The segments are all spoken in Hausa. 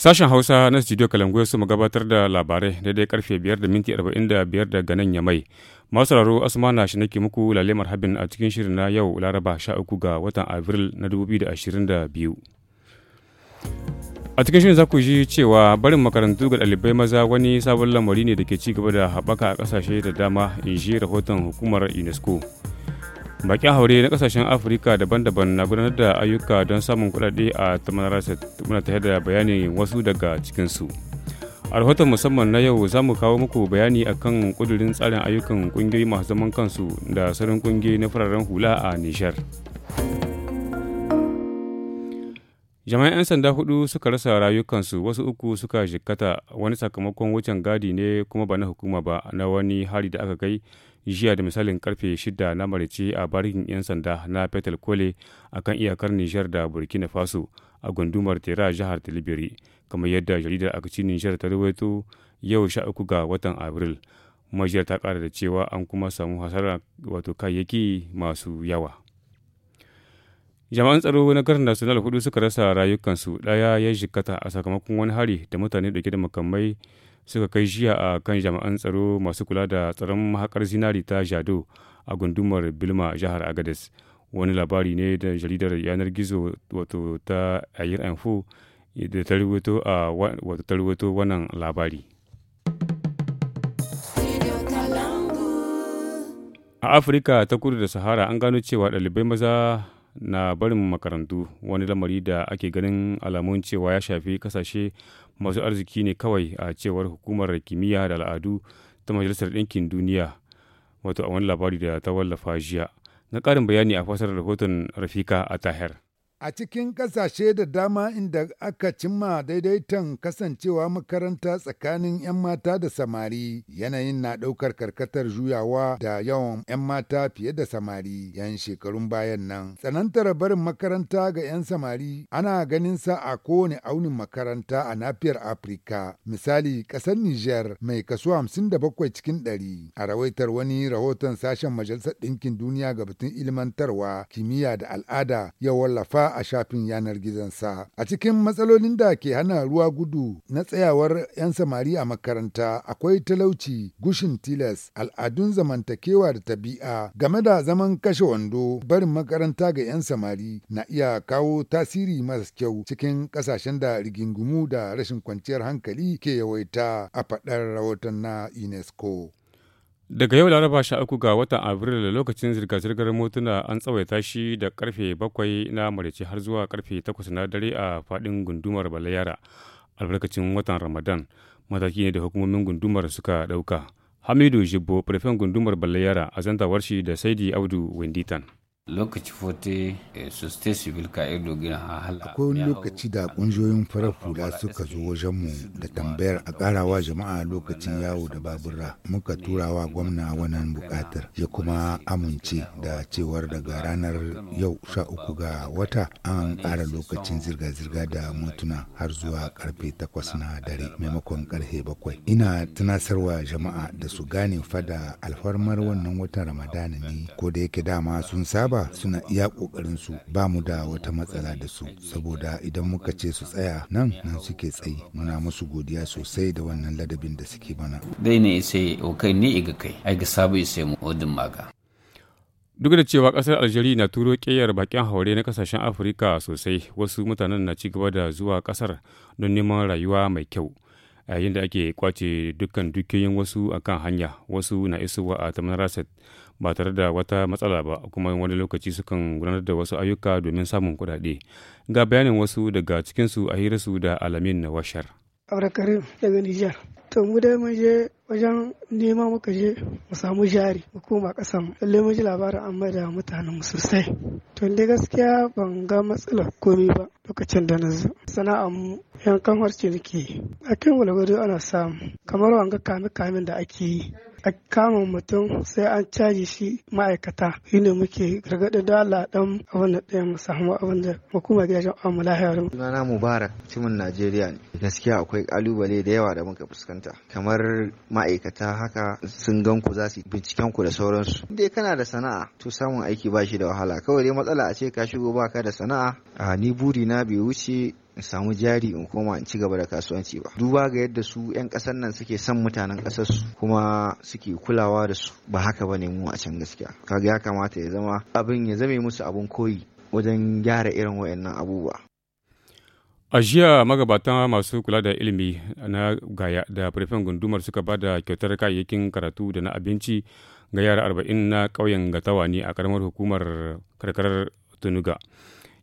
Sashen Hausa na Studio Kalangoyo su gabatar da labarai daidai karfe 5 da minti 45 daga nan ya mai. Masu raro Asmana shi nake muku lalemar habin a cikin shirin na yau Laraba sha uku ga watan Abril na 2022. A cikin shirin za ku ji cewa barin makarantu ga ɗalibai maza wani sabon lamari ne da ke ci gaba da haɓaka a ƙasashe da dama in ji rahoton hukumar UNESCO. bakin haure na kasashen afirka daban-daban na gudanar da ayyuka don samun kudade a tamanarasa ta da bayanin wasu daga cikinsu a rahoton musamman na yau za mu kawo muku bayani akan kudurin tsarin ayyukan kungiyoyi masu zaman kansu da sauran kungiyoyi na fararen hula a nishar. jama'an 'yan sanda hudu suka rasa rayukansu wasu uku suka jikkata wani sakamakon wucin gadi ne kuma ba na hukuma ba na wani hari da aka kai jiya da misalin karfe 6 na marice a barikin 'yan sanda na petal kole a kan iyakar nijar da burkina faso a gundumar tera jihar tilibiri kamar yadda jaridar akaci nijar ta rawaito yau sha uku ga watan abril majiyar ta kara da cewa an kuma samu hasara wato kayayyaki masu yawa jama'an tsaro na garin national hudu suka rasa rayukansu ɗaya ya shikata a sakamakon wani hari da mutane dauke da makamai suka kai jiya a kan jama'an tsaro masu kula da tsaron mahakar zinari ta jado a gundumar bilma jihar agadez wani labari ne da jaridar yanar gizo wato ta ayir info da ta rubuto a wato ta rubuto wannan labari a afirka ta kudu da sahara an gano cewa ɗalibai maza na barin makarantu wani lamari da ake ganin alamun cewa ya shafi kasashe masu arziki ne kawai a cewar hukumar kimiyya da al'adu ta majalisar ɗinkin duniya wato a wani labari da ta wallafa jiya na ƙarin bayani a fasar rahoton rafika a tahir A cikin ƙasashe da dama inda aka cimma daidaiton kasancewa makaranta tsakanin 'yan mata da samari, yanayin na ɗaukar karkatar juyawa da yawan 'yan mata fiye da samari 'yan shekarun bayan nan. Tsanantar barin makaranta ga 'yan samari ana ganin sa a kowane aunin makaranta a nafiyar Afirka. Misali, ƙasar Nijar mai kaso 57 cikin 100 a rawaitar wani rahoton sashen Majalisar Ɗinkin Duniya ga batun ilmantarwa, kimiyya da al'ada ya wallafa a shafin yanar gizonsa. A cikin matsalolin da ke hana ruwa gudu na tsayawar 'yan samari a makaranta akwai talauci, gushin tilas, al'adun zamantakewa da tabi'a game da zaman kashe wando barin makaranta ga 'yan samari na iya kawo tasiri masu kyau cikin kasashen da rigingimu da rashin kwanciyar hankali ke yawaita a faɗar rahoton na UNESCO. Daga yau laraba sha uku ga watan Abril lokacin zirga-zirgar motuna an tsawaita shi da karfe bakwai na marice har zuwa karfe takwas na dare a fadin gundumar Balayara albarkacin watan Ramadan mataki ne da hukumomin gundumar suka dauka Hamidu Jibbo, firfen gundumar Balayara a zantawar shi da Saidi Audu Winditan. lokaci fote su eh, stay civil ka ido gina hala akwai wani lokaci da kungiyoyin farar hula suka zo wajen mu da tambayar a karawa jama'a lokacin yawo da babura muka turawa gwamna wannan bukatar ya kuma amince da cewar daga ranar yau sha uku ga wata an kara lokacin zirga-zirga da motuna har zuwa karfe takwas na dare maimakon karfe bakwai ina tunasarwa jama'a da su gane fada alfarmar wannan watan ramadana ne ko da yake dama sun saba yawa suna iya ƙoƙarin su ba mu da wata matsala da su saboda idan muka ce su tsaya nan nan suke tsayi muna musu godiya sosai da wannan ladabin da suke mana. Dai ne isai o kai ne iga kai ai ga sabu isai mu odin maga. Duk da cewa kasar aljeri na turo kiyar bakin haure na kasashen Afirka sosai wasu mutanen na ci gaba da zuwa kasar don neman rayuwa mai kyau. yayin da ake kwace dukkan dukiyoyin wasu a kan hanya wasu na isowa a tamarar ba tare da wata matsala ba kuma wani lokaci sukan gudanar da wasu ayyuka domin samun kuɗaɗe ga bayanin wasu daga cikinsu a hirarsu da alamin na washar. daga nijar to mu dai mun je wajen nema muka je mu samu jari mu koma kasan lalle mun ji labarin an da mutanen mu sosai to dai gaskiya ban ga matsala komai ba lokacin da na zo sana'ar mu yankan harce nake a kan ana samu kamar wanga kame kamin da ake yi a kama mutum sai an caji shi ma'aikata shi muke gargaɗin da Allah dan abin da ɗaya mu samu abin da hukumar gidajen amu lahiyar. Sunana Mubarak mutumin Najeriya ne. Gaskiya akwai ƙalubale da yawa da muka fuskanta kamar ma'aikata haka sun gan ku za su binciken ku da sauransu. Dai kana da sana'a to samun aiki ba shi da wahala kawai dai matsala a ce ka shigo baka da sana'a. A ni buri na bai wuce in samu jari in koma in ci gaba da kasuwanci ba duba ga yadda su 'yan ƙasar nan suke son mutanen ƙasar su kuma suke kulawa da su ba haka ba ne mu a can gaskiya kaga ya kamata ya zama abin ya zame musu abin koyi wajen gyara irin wayannan abubuwa A jiya magabatan masu kula da ilimi na gaya da firfin gundumar suka ba da kyautar kayayyakin karatu da na abinci ga yara arba'in na ƙauyen Gatawa ne a ƙaramar hukumar karkarar Tunuga.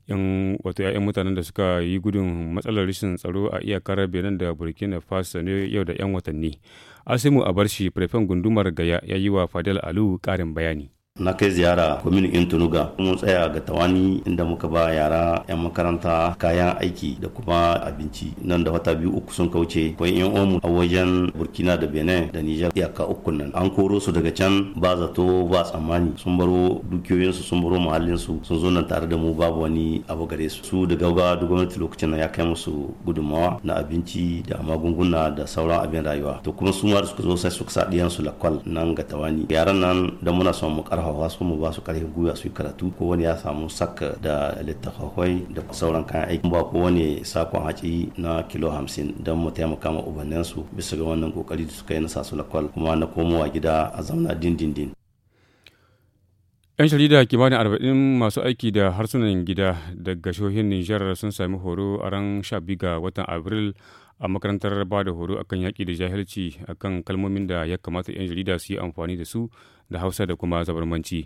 yan wato ya'yan mutanen da suka yi gudun matsalar rashin tsaro a iyakar benin da burkina faso ne yau da yan watanni asimu abarshi prefen gundumar gaya ya yi wa fadel alu karin bayani na kai ziyara in tunuga mun tsaya ga tawani inda muka ba yara 'yan makaranta kayan aiki da kuma abinci nan da wata biyu uku sun kauce kwan yan omu a wajen burkina da benin da nijar iyaka uku nan an koro su daga can ba zato ba tsammani sun baro dukiyoyinsu sun baro su sun zo nan tare da mu babu wani abu gare su su da gauga da gwamnati lokacin nan ya kai musu gudunmawa na abinci da magunguna da sauran abin rayuwa to kuma su ma suka zo sai suka sa su lakwal nan ga tawani yaran nan da muna son mu karfafa su mu ba su karfin gwiwa su yi karatu ko wani ya samu saka da littafafai da sauran kayan aiki ba ko wani sakon haƙi na kilo hamsin don mu taimaka ma ubannin su bisa ga wannan kokari da suka yi na sasu lakwal kuma na komowa gida a din dindindin. 'yan jarida kimanin arba'in masu aiki da harsunan gida daga shohin nijar sun sami horo a ran sha ga watan abril a makarantar ba da horo akan yaƙi da jahilci akan kalmomin da ya kamata 'yan jarida su yi amfani da su da hausa da kuma zabarmanci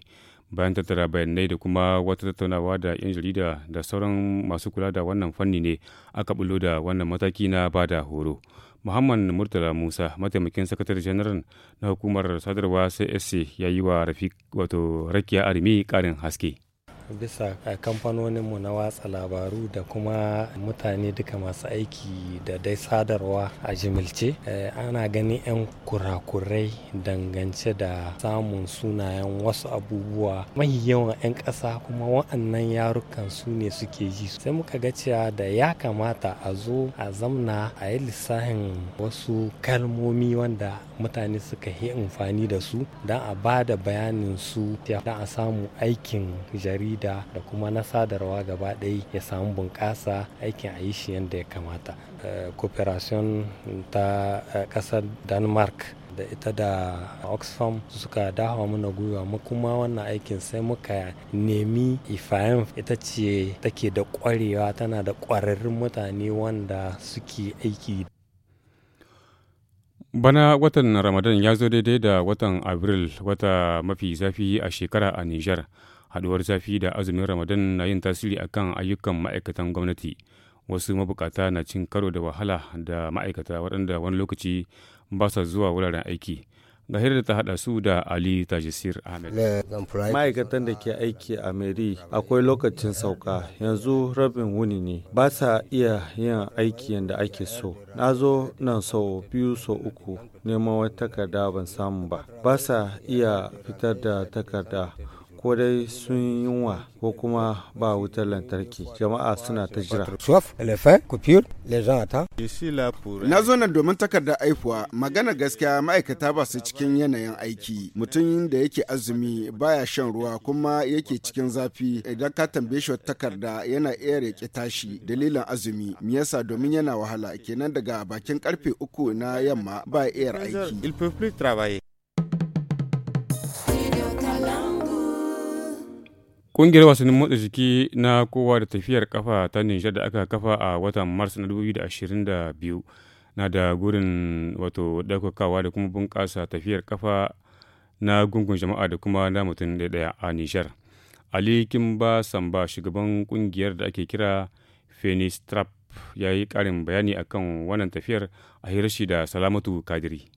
bayan tattara bayanai da kuma wata tattaunawa da 'yan jarida da sauran masu kula da wannan fanni ne aka bulo da wannan mataki na ba da horo muhammad murtala musa mataimakin sakatare janaral na hukumar sadarwa csc ya yi wa wato rakiya arimi ƙarin haske bisa eh, kamfanoninmu na watsa labaru da kuma mutane duka masu aiki da dai sadarwa a jimilce eh, ana ganin 'yan kurakurai dangance da samun sunayen wasu abubuwa mai yawan 'yan ƙasa kuma wa'annan yarukan su ne suke ji sai muka ga cewa da ya kamata a zo a zamna a yi lissahin wasu kalmomi wanda mutane suka yi amfani da su don a ba da bayanin su da a samu aikin jarida jarida da kuma na sadarwa gaba ɗaya ya samu bunƙasa aikin a yi shi yadda ya kamata eh, cooperation ta eh, ƙasar denmark da ita da oxfam suka dawa mana gwiwa mu kuma wannan aikin sai muka nemi ifayen ita ce take da ƙwarewa tana da ƙwararrun mutane wanda suke aiki bana watan ramadan ya zo daidai da watan abril wata mafi zafi a shekara a nijar haduwar zafi da azumin ramadan na yin tasiri a kan ayyukan ma'aikatan gwamnati wasu mabukata na cin karo da wahala da ma'aikata waɗanda wani lokaci ba sa zuwa wuraren aiki ga hirar ta hada su da Ali Tajisir Ahmed. Ma'aikatan da ke aiki a Meri akwai lokacin sauka yanzu rabin wuni ne ba sa iya yin aiki yadda ake so. Na zo nan sau biyu sau uku neman wata takarda ban samu ba. Ba sa iya fitar da takarda ko dai sun yunwa ko kuma ba wutar lantarki jama'a suna ta jira. Na zo nan domin takarda aifuwa magana gaskiya ma'aikata ba su cikin yanayin aiki mutum da yake azumi baya shan ruwa kuma yake cikin zafi idan ka tambaye shi takarda yana iya rike tashi dalilin azumi me yasa domin yana wahala kenan daga bakin karfe uku na yamma ba iya aiki. Ƙungiyar wasannin motsa jiki na kowa da tafiyar kafa ta Nijar da aka kafa a watan Mars na 2022 na da gurin wato ɗaukakawa da kuma bunƙasa tafiyar kafa na gungun jama'a da kuma na mutum ɗaya a Nijar. Ali Kimba Samba shugaban ƙungiyar da ake kira Fenistrap ya yi ƙarin bayani akan wannan tafiyar a hirashi da Salamatu Kadiri.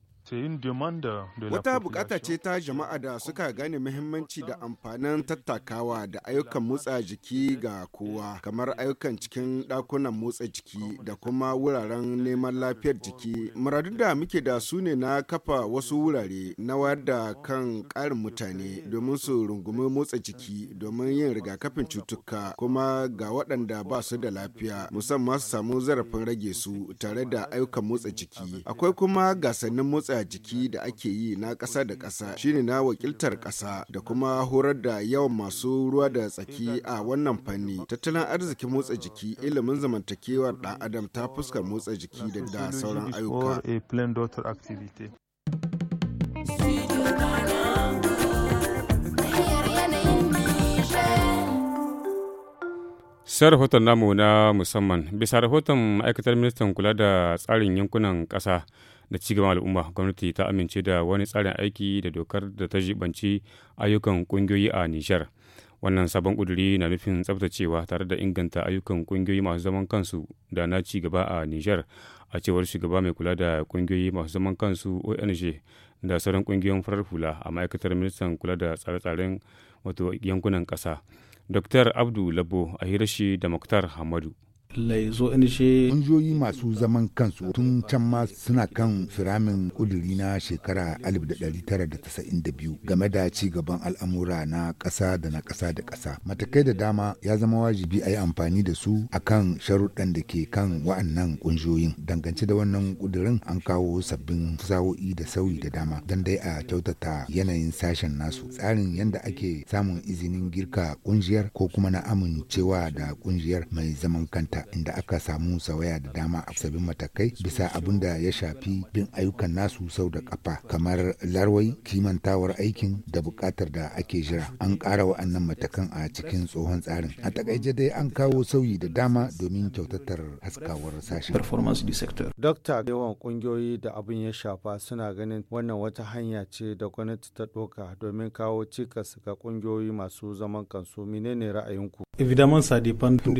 Wata bukata ce ta jama'a da suka gane muhimmanci da amfanin tattakawa da ayyukan motsa jiki ga kowa, kamar ayyukan cikin ɗakunan motsa jiki da kuma wuraren neman lafiyar jiki. Muradu da muke da su ne na kafa wasu wurare na wayar da kan karin mutane domin su rungumi motsa jiki domin yin rigakafin cutuka kuma ga waɗanda ba su da lafiya musamman su samu zarafin rage su tare da ayyukan motsa jiki. Akwai kuma gasannin motsa motsa jiki da ake yi na ƙasa da ƙasa shine na wakiltar ƙasa da kuma horar da yawan masu ruwa da tsaki a wannan fanni tattalin arzikin motsa jiki ilimin zamantakewar ɗan adam ta fuskar motsa jiki da, da sauran ayyuka sai rahoton namu na musamman bisa rahoton ma'aikatar ministan kula da tsarin yankunan ƙasa da cigaban al'umma gwamnati ta amince da wani tsarin aiki da dokar da ta jibanci ayyukan kungiyoyi a nishar wannan sabon kuduri na nufin tsaftacewa tare da inganta ayyukan kungiyoyi masu zaman kansu da na cigaba a nijar a cewar shugaba mai kula da kungiyoyi masu zaman kansu ong da sauran kungiyoyin farar hula a ma'aikatar ministan kula da tsare-tsaren wato yankunan kasa dr abdu labo a hirashi da muktar hamadu Ƙungiyoyi masu zaman kansu tun can ma suna kan firamin kuduri na shekara 1992 game da ci gaban al'amura na ƙasa da na ƙasa da ƙasa. Matakai da dama ya zama wajibi a yi amfani da su a kan sharuɗan da ke kan wa'annan kungiyoyin Dangance da wannan kudurin an kawo sabbin sa'o'i da sauyi da dama don dai a kyautata yanayin sashen nasu. Tsarin yadda ake samun izinin girka ƙungiyar ko kuma na amincewa da ƙungiyar mai zaman kanta. inda aka samu sawaya da dama a sabbin matakai bisa abin da ya shafi bin ayyukan nasu sau da kafa kamar larwai kimantawar aikin da buƙatar da ake jira an ƙara wa'annan matakan a cikin tsohon tsarin a takaice dai an kawo sauyi da dama domin kyautatar haskawar sashen performance du sector dokta yawan kungiyoyi da abin ya shafa suna ganin wannan wata hanya ce da gwamnati ta ɗauka domin kawo cikas ga kungiyoyi masu zaman kansu menene ra'ayinku Évidemment sa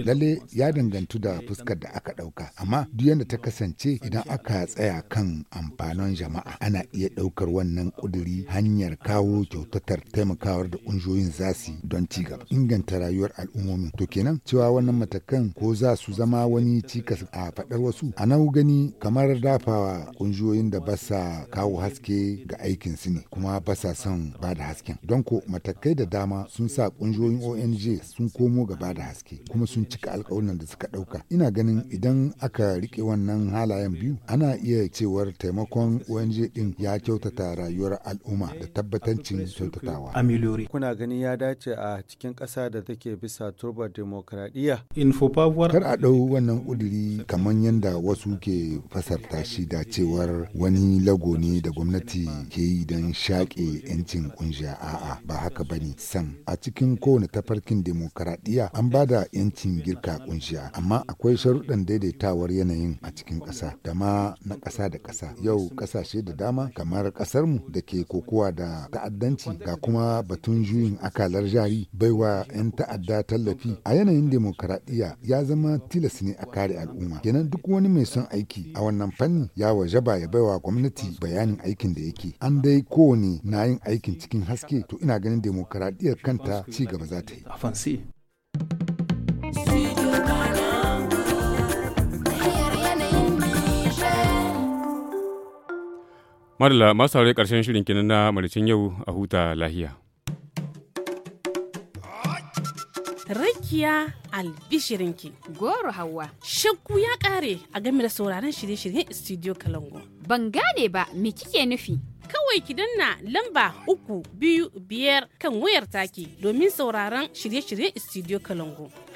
lalle ya dangantu da fuskar da aka ɗauka amma duk yadda ta kasance idan aka tsaya kan amfanin jama'a ana iya ɗaukar wannan ƙudiri hanyar kawo kyautatar taimakawar da ƙungiyoyin za don ci gaba inganta rayuwar al'ummomi to kenan cewa wannan matakan ko za su zama wani cikas a faɗar wasu a nan gani kamar dafawa kunjoyin da basa kawo haske ga aikin su ne kuma basa son ba da hasken don ko matakai da dama sun sa ƙungiyoyin ONG sun komo gaba da haske kuma sun cika alkawunan da suka ɗauka ina ganin idan aka rike wannan halayen biyu ana iya cewar taimakon ONG din ya kyautata rayuwar al'umma da tabbatancin kyautatawa kuna ganin ya dace a cikin ƙasa da take bisa turbar demokradiyya kar a dau wannan kudiri kamar yadda wasu ke fasarta shi da cewar wani lago ne da gwamnati ke yi don shaƙe 'yancin kungiya a'a ba haka bane sam a cikin kowane tafarkin demokradiya iya an ba da yancin girka kunshiya amma akwai sharuɗan daidaitawar yanayin a cikin ƙasa da ma na ƙasa da ƙasa. Yau ƙasashe da dama kamar ƙasarmu da ke kokowa da ta'addanci ga kuma batun juyin akalar jari baiwa 'yan ta'adda tallafi a yanayin demokaradiyya ya zama tilas ne a kare al'umma. Kenan duk wani mai son aiki a wannan fanni ya wajaba ya baiwa gwamnati bayanin aikin da yake. An dai kowane na yin aikin cikin haske to ina ganin demokaradiyyar kanta ci gaba za ta yi. Madalla masu saurari ƙarshen shirin kinan na maricin yau a huta lahiya. Rakiya albishirinki goro hawa shakku ya ƙare a game da sauraron shirye-shiryen studio Kalango. Ban gane ba me kike nufi? Kawai ki danna lamba uku biyu biyar kan wayar take domin sauraron shirye-shiryen studio Kalango.